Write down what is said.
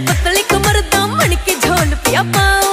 पतली कमर दामन के झोल पिया पा